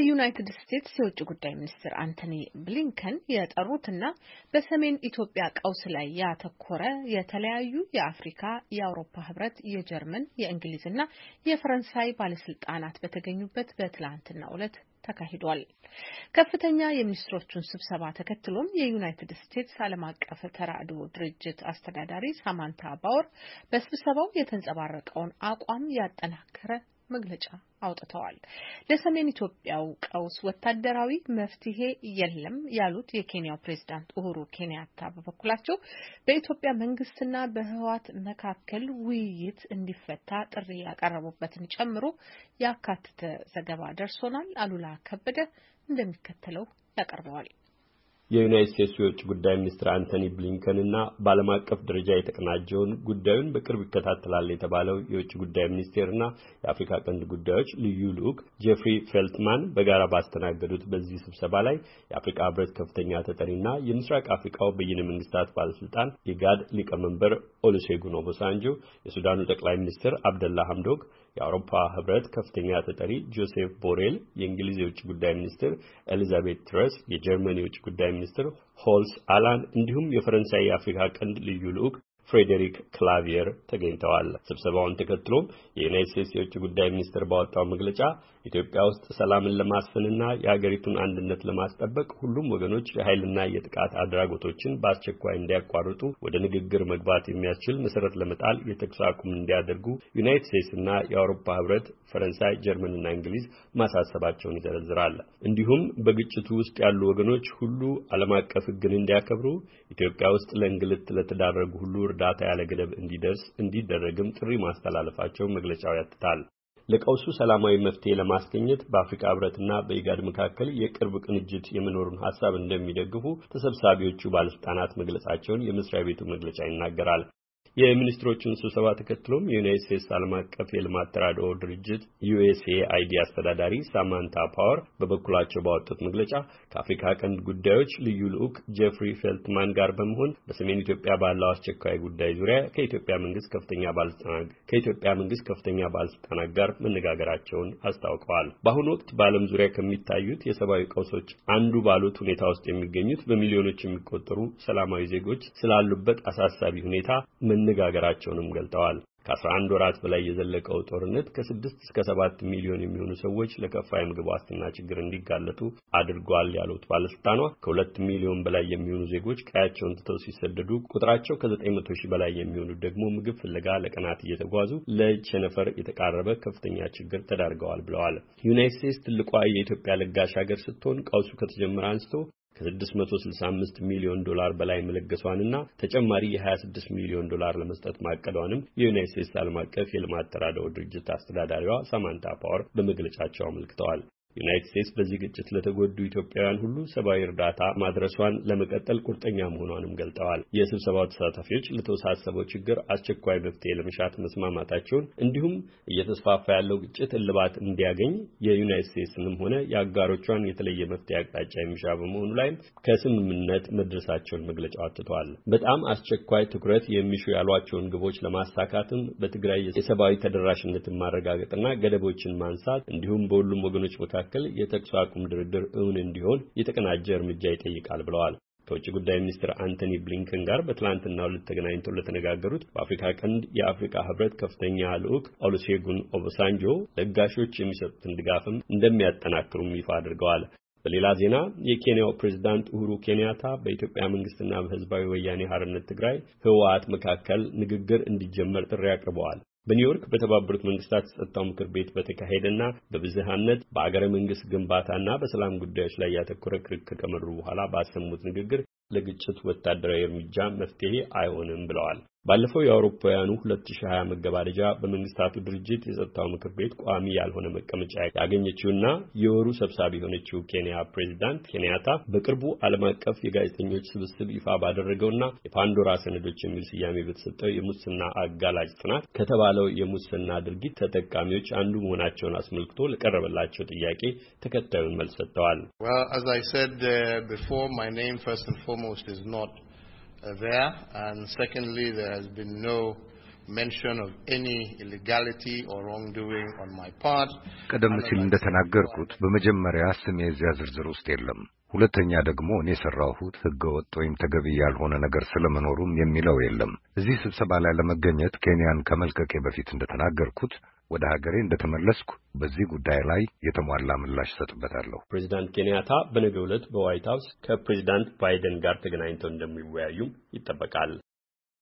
የዩናይትድ ስቴትስ የውጭ ጉዳይ ሚኒስትር አንቶኒ ብሊንከን የጠሩትና በሰሜን ኢትዮጵያ ቀውስ ላይ ያተኮረ የተለያዩ የአፍሪካ፣ የአውሮፓ ህብረት፣ የጀርመን፣ የእንግሊዝና የፈረንሳይ ባለስልጣናት በተገኙበት በትላንትናው ዕለት ተካሂዷል። ከፍተኛ የሚኒስትሮቹን ስብሰባ ተከትሎም የዩናይትድ ስቴትስ ዓለም አቀፍ ተራድኦ ድርጅት አስተዳዳሪ ሳማንታ ባወር በስብሰባው የተንጸባረቀውን አቋም ያጠናከረ መግለጫ አውጥተዋል። ለሰሜን ኢትዮጵያው ቀውስ ወታደራዊ መፍትሄ የለም ያሉት የኬንያው ፕሬዝዳንት ኡሁሩ ኬንያታ በበኩላቸው በኢትዮጵያ መንግስትና በህወሓት መካከል ውይይት እንዲፈታ ጥሪ ያቀረቡበትን ጨምሮ ያካተተ ዘገባ ደርሶናል። አሉላ ከበደ እንደሚከተለው ያቀርበዋል። የዩናይት ስቴትስ የውጭ ጉዳይ ሚኒስትር አንቶኒ ብሊንከንና በዓለም አቀፍ ደረጃ የተቀናጀውን ጉዳዩን በቅርብ ይከታተላል የተባለው የውጭ ጉዳይ ሚኒስቴርና የአፍሪካ ቀንድ ጉዳዮች ልዩ ልዑክ ጄፍሪ ፌልትማን በጋራ ባስተናገዱት በዚህ ስብሰባ ላይ የአፍሪካ ሕብረት ከፍተኛ ተጠሪና የምስራቅ አፍሪካው በይነ መንግስታት ባለስልጣን የጋድ ሊቀመንበር ኦሉሴጉን ኦባሳንጆ፣ የሱዳኑ ጠቅላይ ሚኒስትር አብደላ ሐምዶክ የአውሮፓ ህብረት ከፍተኛ ተጠሪ ጆሴፍ ቦሬል፣ የእንግሊዝ የውጭ ጉዳይ ሚኒስትር ኤሊዛቤት ትረስ፣ የጀርመን የውጭ ጉዳይ ሚኒስትር ሆልስ አላን እንዲሁም የፈረንሳይ የአፍሪካ ቀንድ ልዩ ልዑክ ፍሬዴሪክ ክላቪየር ተገኝተዋል። ስብሰባውን ተከትሎም የዩናይት ስቴትስ የውጭ ጉዳይ ሚኒስትር ባወጣው መግለጫ ኢትዮጵያ ውስጥ ሰላምን ለማስፈንና የሀገሪቱን አንድነት ለማስጠበቅ ሁሉም ወገኖች የኃይልና የጥቃት አድራጎቶችን በአስቸኳይ እንዲያቋርጡ ወደ ንግግር መግባት የሚያስችል መሰረት ለመጣል የተኩስ አቁም እንዲያደርጉ ዩናይት ስቴትስና የአውሮፓ ህብረት፣ ፈረንሳይ፣ ጀርመንና እንግሊዝ ማሳሰባቸውን ይዘረዝራል። እንዲሁም በግጭቱ ውስጥ ያሉ ወገኖች ሁሉ ዓለም አቀፍ ህግን እንዲያከብሩ ኢትዮጵያ ውስጥ ለእንግልት ለተዳረጉ ሁሉ እርዳታ ያለ ገደብ እንዲደርስ እንዲደረግም ጥሪ ማስተላለፋቸው መግለጫው ያትታል። ለቀውሱ ሰላማዊ መፍትሄ ለማስገኘት በአፍሪካ ህብረትና በኢጋድ መካከል የቅርብ ቅንጅት የመኖሩን ሀሳብ እንደሚደግፉ ተሰብሳቢዎቹ ባለስልጣናት መግለጻቸውን የመስሪያ ቤቱ መግለጫ ይናገራል። የሚኒስትሮቹን ስብሰባ ተከትሎም የዩናይት ስቴትስ ዓለም አቀፍ የልማት ተራድኦ ድርጅት ዩኤስኤ አይዲ አስተዳዳሪ ሳማንታ ፓወር በበኩላቸው ባወጡት መግለጫ ከአፍሪካ ቀንድ ጉዳዮች ልዩ ልዑክ ጄፍሪ ፌልትማን ጋር በመሆን በሰሜን ኢትዮጵያ ባለው አስቸኳይ ጉዳይ ዙሪያ ከኢትዮጵያ መንግስት ከፍተኛ ባለስልጣናት ከኢትዮጵያ መንግስት ከፍተኛ ባለስልጣናት ጋር መነጋገራቸውን አስታውቀዋል። በአሁኑ ወቅት በዓለም ዙሪያ ከሚታዩት የሰብአዊ ቀውሶች አንዱ ባሉት ሁኔታ ውስጥ የሚገኙት በሚሊዮኖች የሚቆጠሩ ሰላማዊ ዜጎች ስላሉበት አሳሳቢ ሁኔታ መነጋገራቸውንም ገልጠዋል። ከ11 ወራት በላይ የዘለቀው ጦርነት ከ6 እስከ 7 ሚሊዮን የሚሆኑ ሰዎች ለከፋ የምግብ ዋስትና ችግር እንዲጋለጡ አድርጓል ያሉት ባለስልጣኗ ከ2 ሚሊዮን በላይ የሚሆኑ ዜጎች ቀያቸውን ትተው ሲሰደዱ ቁጥራቸው ከ900 ሺህ በላይ የሚሆኑ ደግሞ ምግብ ፍለጋ ለቀናት እየተጓዙ ለቸነፈር የተቃረበ ከፍተኛ ችግር ተዳርገዋል ብለዋል። ዩናይት ስቴትስ ትልቋ የኢትዮጵያ ለጋሽ ሀገር ስትሆን ቀውሱ ከተጀመረ አንስቶ ከ665 ሚሊዮን ዶላር በላይ መለገሷንና ተጨማሪ የ26 ሚሊዮን ዶላር ለመስጠት ማቀዷንም የዩናይትድ ስቴትስ ዓለም አቀፍ የልማት ተራድኦ ድርጅት አስተዳዳሪዋ ሳማንታ ፓወር በመግለጫቸው አመልክተዋል። ዩናይትድ ስቴትስ በዚህ ግጭት ለተጎዱ ኢትዮጵያውያን ሁሉ ሰብአዊ እርዳታ ማድረሷን ለመቀጠል ቁርጠኛ መሆኗንም ገልጠዋል። የስብሰባው ተሳታፊዎች ለተወሳሰበው ችግር አስቸኳይ መፍትሄ ለመሻት መስማማታቸውን እንዲሁም እየተስፋፋ ያለው ግጭት እልባት እንዲያገኝ የዩናይትድ ስቴትስንም ሆነ የአጋሮቿን የተለየ መፍትሄ አቅጣጫ የሚሻ በመሆኑ ላይም ከስምምነት መድረሳቸውን መግለጫው አትተዋል። በጣም አስቸኳይ ትኩረት የሚሹ ያሏቸውን ግቦች ለማሳካትም በትግራይ የሰብአዊ ተደራሽነትን ማረጋገጥና ገደቦችን ማንሳት እንዲሁም በሁሉም ወገኖች ቦታ መካከል የተኩስ አቁም ድርድር እውን እንዲሆን የተቀናጀ እርምጃ ይጠይቃል ብለዋል። ከውጭ ጉዳይ ሚኒስትር አንቶኒ ብሊንከን ጋር በትላንትና ሁለት ተገናኝተው ለተነጋገሩት በአፍሪካ ቀንድ የአፍሪካ ሕብረት ከፍተኛ ልዑክ ኦሉሴጉን ኦቦሳንጆ ለጋሾች የሚሰጡትን ድጋፍም እንደሚያጠናክሩም ይፋ አድርገዋል። በሌላ ዜና የኬንያው ፕሬዝዳንት ኡሁሩ ኬንያታ በኢትዮጵያ መንግስትና በህዝባዊ ወያኔ ሀርነት ትግራይ ህወሓት መካከል ንግግር እንዲጀመር ጥሪ አቅርበዋል። በኒውዮርክ በተባበሩት መንግስታት የጸጥታው ምክር ቤት በተካሄደና በብዝሃነት በአገረ መንግስት ግንባታና በሰላም ጉዳዮች ላይ ያተኮረ ክርክር ከመሩ በኋላ ባሰሙት ንግግር ለግጭት ወታደራዊ እርምጃ መፍትሄ አይሆንም ብለዋል። ባለፈው የአውሮፓውያኑ 2020 መገባደጃ በመንግስታቱ ድርጅት የጸጥታው ምክር ቤት ቋሚ ያልሆነ መቀመጫ ያገኘችውና የወሩ ሰብሳቢ የሆነችው ኬንያ ፕሬዚዳንት ኬንያታ በቅርቡ ዓለም አቀፍ የጋዜጠኞች ስብስብ ይፋ ባደረገውና የፓንዶራ ሰነዶች የሚል ስያሜ በተሰጠው የሙስና አጋላጭ ጥናት ከተባለው የሙስና ድርጊት ተጠቃሚዎች አንዱ መሆናቸውን አስመልክቶ ለቀረበላቸው ጥያቄ ተከታዩን መልስ ሰጥተዋል። uh, there. And secondly, there has been no mention of any illegality or wrongdoing on my part. ቀደም ሲል እንደተናገርኩት በመጀመሪያ ስሜ እዚያ ዝርዝር ውስጥ የለም። ሁለተኛ ደግሞ እኔ የሰራሁት ወጥ ወይም ተገቢ ያልሆነ ነገር ስለመኖሩም የሚለው የለም። እዚህ ስብሰባ ላይ ለመገኘት ኬንያን ከመልቀቄ በፊት እንደተናገርኩት ወደ ሀገሬ እንደተመለስኩ በዚህ ጉዳይ ላይ የተሟላ ምላሽ ሰጥበታለሁ። ፕሬዚዳንት ኬንያታ በነገው ዕለት በዋይት ሀውስ ከፕሬዚዳንት ባይደን ጋር ተገናኝተው እንደሚወያዩም ይጠበቃል።